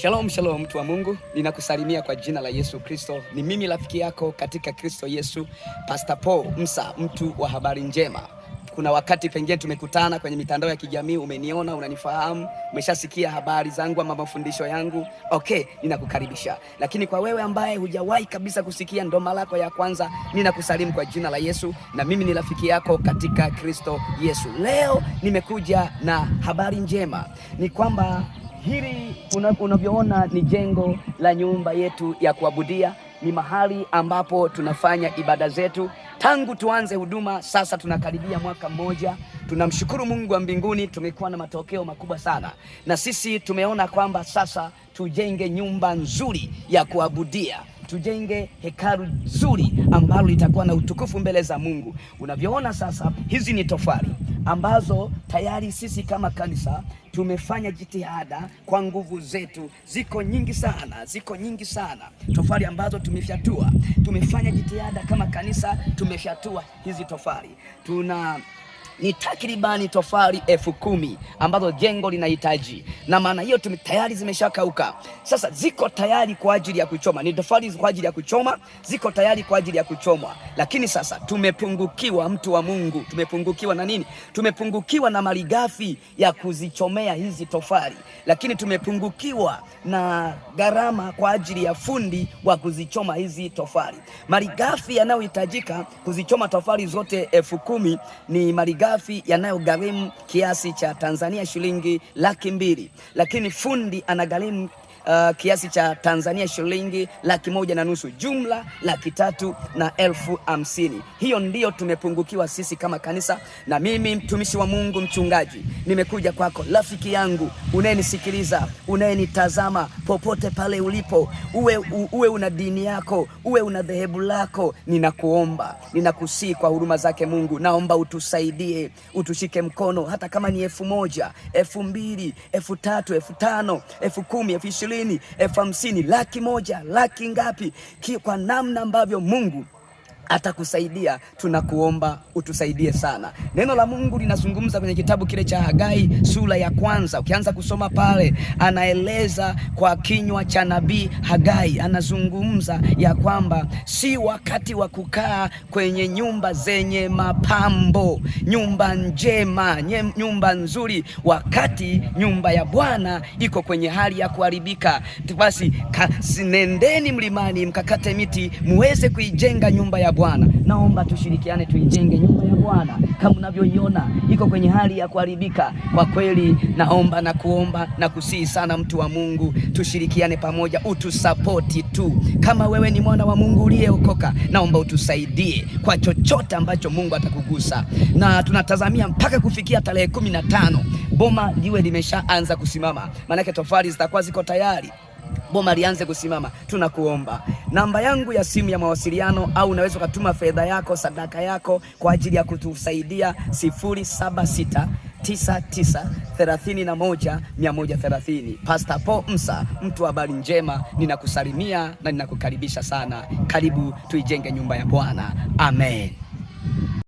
Shalom, shalom mtu wa Mungu, ninakusalimia kwa jina la Yesu Kristo. Ni mimi rafiki yako katika Kristo Yesu, Pastor Paul Msa, mtu wa habari njema. Kuna wakati pengine tumekutana kwenye mitandao ya kijamii, umeniona, unanifahamu, umeshasikia habari zangu ama mafundisho yangu. Okay, ninakukaribisha. Lakini kwa wewe ambaye hujawahi kabisa kusikia, ndo mara yako ya kwanza, ninakusalimu kwa jina la Yesu, na mimi ni rafiki yako katika Kristo Yesu. Leo nimekuja na habari njema, ni kwamba Hili unavyoona ni jengo la nyumba yetu ya kuabudia, ni mahali ambapo tunafanya ibada zetu tangu tuanze huduma. Sasa tunakaribia mwaka mmoja. Tunamshukuru Mungu wa mbinguni, tumekuwa na matokeo makubwa sana, na sisi tumeona kwamba sasa tujenge nyumba nzuri ya kuabudia tujenge hekalu nzuri ambalo litakuwa na utukufu mbele za Mungu. Unavyoona sasa, hizi ni tofali ambazo tayari sisi kama kanisa tumefanya jitihada kwa nguvu zetu, ziko nyingi sana, ziko nyingi sana tofali ambazo tumefyatua. Tumefanya jitihada kama kanisa, tumefyatua hizi tofali tuna ni takribani tofali elfu kumi ambazo jengo linahitaji, na maana hiyo tayari zimeshakauka. Sasa ziko tayari kwa ajili ya kuchoma, ni tofali kwa ajili ya kuchoma, ziko tayari kwa ajili ya kuchomwa. Lakini sasa tumepungukiwa, mtu wa Mungu, tumepungukiwa na nini? Tumepungukiwa na malighafi ya kuzichomea hizi tofali, lakini tumepungukiwa na gharama kwa ajili ya fundi wa kuzichoma hizi tofali. Malighafi yanayohitajika kuzichoma tofali zote elfu kumi ni malighafi safi yanayogharimu kiasi cha Tanzania shilingi laki mbili, lakini fundi anagharimu uh, kiasi cha Tanzania shilingi laki moja na nusu, jumla laki tatu na elfu hamsini. Hiyo ndiyo tumepungukiwa sisi kama kanisa, na mimi mtumishi wa Mungu mchungaji, nimekuja kwako rafiki yangu unayenisikiliza, unayenitazama popote pale ulipo, uwe, u, uwe una dini yako, uwe una dhehebu lako, ninakuomba ninakusii kwa huruma zake Mungu, naomba utusaidie, utushike mkono, hata kama ni elfu moja elfu mbili elfu tatu elfu tano elfu kumi elfu ishirini ishirini, elfu hamsini, laki moja, laki ngapi, kwa namna ambavyo Mungu atakusaidia. Tunakuomba utusaidie sana. Neno la Mungu linazungumza kwenye kitabu kile cha Hagai sura ya kwanza, ukianza kusoma pale, anaeleza kwa kinywa cha nabii Hagai, anazungumza ya kwamba si wakati wa kukaa kwenye nyumba zenye mapambo, nyumba njema, nyumba nzuri, wakati nyumba ya Bwana iko kwenye hali ya kuharibika. Basi nendeni mlimani mkakate miti muweze kuijenga nyumba ya Bwana. Naomba tushirikiane tuijenge nyumba ya Bwana kama unavyoiona iko kwenye hali ya kuharibika. Kwa kweli, naomba na kuomba na kusihi sana, mtu wa Mungu, tushirikiane pamoja, utusapoti tu. Kama wewe ni mwana wa Mungu uliyeokoka, naomba utusaidie kwa chochote ambacho Mungu atakugusa, na tunatazamia mpaka kufikia tarehe kumi na tano boma liwe limeshaanza kusimama, maanake tofali zitakuwa ziko tayari boma lianze kusimama, tunakuomba. Namba yangu ya simu ya mawasiliano au unaweza ukatuma fedha yako, sadaka yako kwa ajili ya kutusaidia, 0769931130 saba Pasta Po Msa, mtu wa habari njema, ninakusalimia na ninakukaribisha sana. Karibu tuijenge nyumba ya Bwana. Amen.